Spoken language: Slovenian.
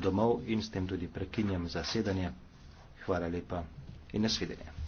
domov in s tem tudi prekinjam zasedanje. Hvala lepa in nasvidenje.